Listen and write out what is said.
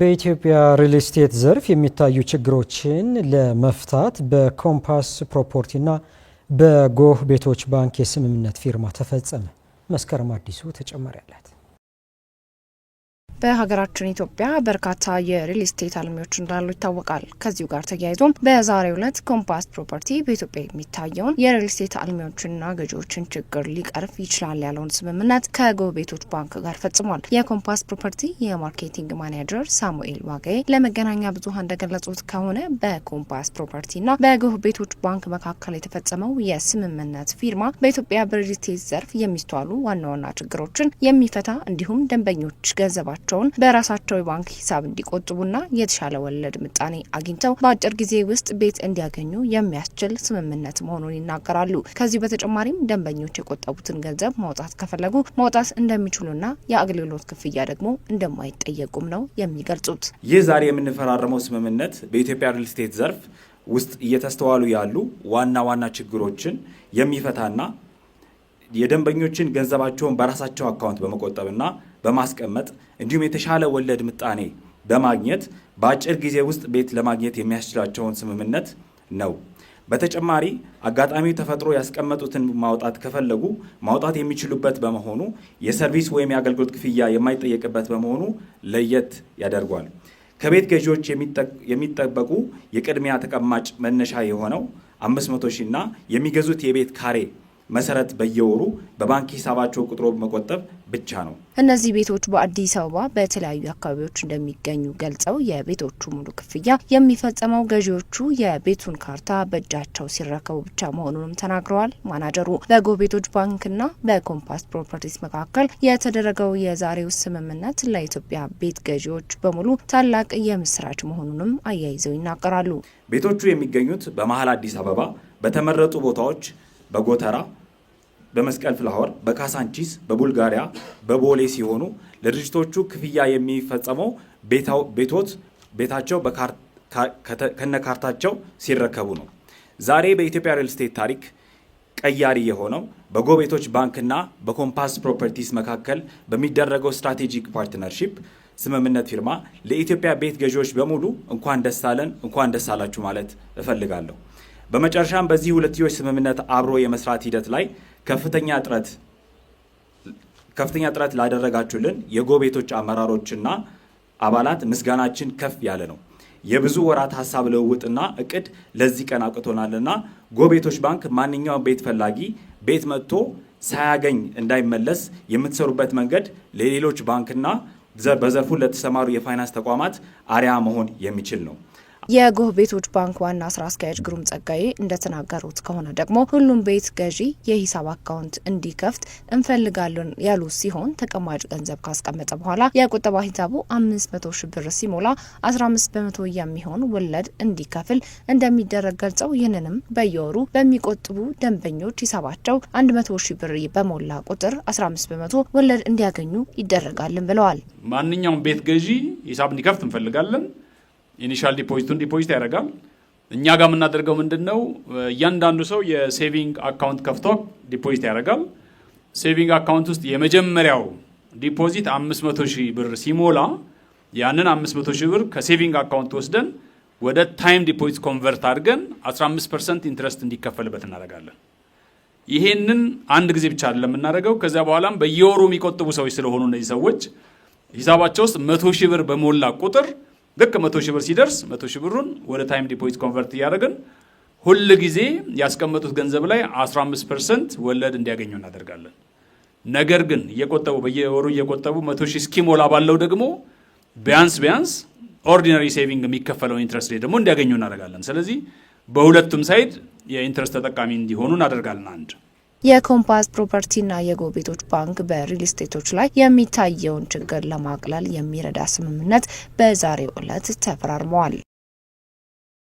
በኢትዮጵያ ሪል ስቴት ዘርፍ የሚታዩ ችግሮችን ለመፍታት በኮምፓስ ፕሮፖርቲና በጎህ ቤቶች ባንክ የስምምነት ፊርማ ተፈጸመ። መስከረም አዲሱ ተጨማሪ አላት። በሀገራችን ኢትዮጵያ በርካታ የሪል ስቴት አልሚዎች እንዳሉ ይታወቃል። ከዚሁ ጋር ተያይዞም በዛሬው ዕለት ኮምፓስ ፕሮፐርቲ በኢትዮጵያ የሚታየውን የሪል ስቴት አልሚዎችንና ገዢዎችን ችግር ሊቀርፍ ይችላል ያለውን ስምምነት ቤቶች ባንክ ጋር ፈጽሟል። የኮምፓስ ፕሮፐርቲ የማርኬቲንግ ማኔጀር ሳሙኤል ዋጋይ ለመገናኛ ብዙሃን እንደገለጹት ከሆነ በኮምፓስ ፕሮፐርቲና በጎ ቤቶች ባንክ መካከል የተፈጸመው የስምምነት ፊርማ በኢትዮጵያ በሪል ስቴት ዘርፍ የሚስተዋሉ ዋና ዋና ችግሮችን የሚፈታ እንዲሁም ደንበኞች ገንዘባቸው ገንዘባቸውን በራሳቸው የባንክ ሂሳብ እንዲቆጥቡና የተሻለ ወለድ ምጣኔ አግኝተው በአጭር ጊዜ ውስጥ ቤት እንዲያገኙ የሚያስችል ስምምነት መሆኑን ይናገራሉ። ከዚህ በተጨማሪም ደንበኞች የቆጠቡትን ገንዘብ ማውጣት ከፈለጉ ማውጣት እንደሚችሉና የአገልግሎት ክፍያ ደግሞ እንደማይጠየቁም ነው የሚገልጹት። ይህ ዛሬ የምንፈራረመው ስምምነት በኢትዮጵያ ሪል ስቴት ዘርፍ ውስጥ እየተስተዋሉ ያሉ ዋና ዋና ችግሮችን የሚፈታና የደንበኞችን ገንዘባቸውን በራሳቸው አካውንት በመቆጠብና በማስቀመጥ እንዲሁም የተሻለ ወለድ ምጣኔ በማግኘት በአጭር ጊዜ ውስጥ ቤት ለማግኘት የሚያስችላቸውን ስምምነት ነው። በተጨማሪ አጋጣሚ ተፈጥሮ ያስቀመጡትን ማውጣት ከፈለጉ ማውጣት የሚችሉበት በመሆኑ የሰርቪስ ወይም የአገልግሎት ክፍያ የማይጠየቅበት በመሆኑ ለየት ያደርጓል። ከቤት ገዢዎች የሚጠበቁ የቅድሚያ ተቀማጭ መነሻ የሆነው 500 ሺህ እና የሚገዙት የቤት ካሬ መሰረት በየወሩ በባንክ ሂሳባቸው ቁጥሮ መቆጠብ ብቻ ነው። እነዚህ ቤቶች በአዲስ አበባ በተለያዩ አካባቢዎች እንደሚገኙ ገልጸው የቤቶቹ ሙሉ ክፍያ የሚፈጸመው ገዢዎቹ የቤቱን ካርታ በእጃቸው ሲረከቡ ብቻ መሆኑንም ተናግረዋል። ማናጀሩ በጎ ቤቶች ባንክና በኮምፓስ ፕሮፐርቲስ መካከል የተደረገው የዛሬው ስምምነት ለኢትዮጵያ ቤት ገዢዎች በሙሉ ታላቅ የምስራች መሆኑንም አያይዘው ይናገራሉ። ቤቶቹ የሚገኙት በመሀል አዲስ አበባ በተመረጡ ቦታዎች በጎተራ በመስቀል ፍላወር፣ በካሳንቺስ፣ በቡልጋሪያ፣ በቦሌ ሲሆኑ ለድርጅቶቹ ክፍያ የሚፈጸመው ቤቶት ቤታቸው ከነካርታቸው ሲረከቡ ነው። ዛሬ በኢትዮጵያ ሪል ስቴት ታሪክ ቀያሪ የሆነው በጎቤቶች ባንክና በኮምፓስ ፕሮፐርቲስ መካከል በሚደረገው ስትራቴጂክ ፓርትነርሺፕ ስምምነት ፊርማ ለኢትዮጵያ ቤት ገዢዎች በሙሉ እንኳን ደስ አለን፣ እንኳን ደስ አላችሁ ማለት እፈልጋለሁ። በመጨረሻም በዚህ ሁለትዮሽ ስምምነት አብሮ የመስራት ሂደት ላይ ከፍተኛ ጥረት ከፍተኛ ጥረት ላደረጋችሁልን የጎቤቶች አመራሮችና አባላት ምስጋናችን ከፍ ያለ ነው። የብዙ ወራት ሀሳብ ልውውጥና እቅድ ለዚህ ቀን አውቅቶናልና ጎቤቶች ባንክ ማንኛውም ቤት ፈላጊ ቤት መጥቶ ሳያገኝ እንዳይመለስ የምትሰሩበት መንገድ ለሌሎች ባንክና በዘርፉ ለተሰማሩ የፋይናንስ ተቋማት አሪያ መሆን የሚችል ነው። የጎህ ቤቶች ባንክ ዋና ስራ አስኪያጅ ግሩም ጸጋዬ እንደተናገሩት ከሆነ ደግሞ ሁሉም ቤት ገዢ የሂሳብ አካውንት እንዲከፍት እንፈልጋለን ያሉ ሲሆን ተቀማጭ ገንዘብ ካስቀመጠ በኋላ የቁጠባ ሂሳቡ አምስት መቶ ሺ ብር ሲሞላ አስራ አምስት በመቶ የሚሆን ወለድ እንዲከፍል እንደሚደረግ ገልጸው ይህንንም በየወሩ በሚቆጥቡ ደንበኞች ሂሳባቸው አንድ መቶ ሺ ብር በሞላ ቁጥር አስራ አምስት በመቶ ወለድ እንዲያገኙ ይደረጋልን ብለዋል። ማንኛውም ቤት ገዢ ሂሳብ እንዲከፍት እንፈልጋለን ኢኒሻል ዲፖዚቱን ዲፖዚት ያደርጋል። እኛ ጋር የምናደርገው ምንድን ነው? እያንዳንዱ ሰው የሴቪንግ አካውንት ከፍቶ ዲፖዚት ያደርጋል። ሴቪንግ አካውንት ውስጥ የመጀመሪያው ዲፖዚት 500 ሺህ ብር ሲሞላ ያንን 500 ሺህ ብር ከሴቪንግ አካውንት ወስደን ወደ ታይም ዲፖዚት ኮንቨርት አድርገን 15 ፐርሰንት ኢንትረስት እንዲከፈልበት እናደርጋለን። ይሄንን አንድ ጊዜ ብቻ አይደለም የምናደርገው። ከዚያ በኋላም በየወሩ የሚቆጥቡ ሰዎች ስለሆኑ እነዚህ ሰዎች ሂሳባቸው ውስጥ 100 ሺህ ብር በሞላ ቁጥር ልክ መቶ ሺህ ብር ሲደርስ መቶ ሺህ ብሩን ወደ ታይም ዲፖዚት ኮንቨርት እያደረግን ሁል ጊዜ ያስቀመጡት ገንዘብ ላይ 15 ፐርሰንት ወለድ እንዲያገኙ እናደርጋለን። ነገር ግን እየቆጠቡ በየወሩ እየቆጠቡ መቶ ሺህ እስኪሞላ ባለው ደግሞ ቢያንስ ቢያንስ ኦርዲናሪ ሴቪንግ የሚከፈለውን ኢንትረስት ላይ ደግሞ እንዲያገኙ እናደርጋለን። ስለዚህ በሁለቱም ሳይድ የኢንትረስት ተጠቃሚ እንዲሆኑ እናደርጋለን። አንድ የኮምፓስ ፕሮፐርቲና የጎቤቶች ባንክ በሪል ስቴቶች ላይ የሚታየውን ችግር ለማቅለል የሚረዳ ስምምነት በዛሬው ዕለት ተፈራርመዋል።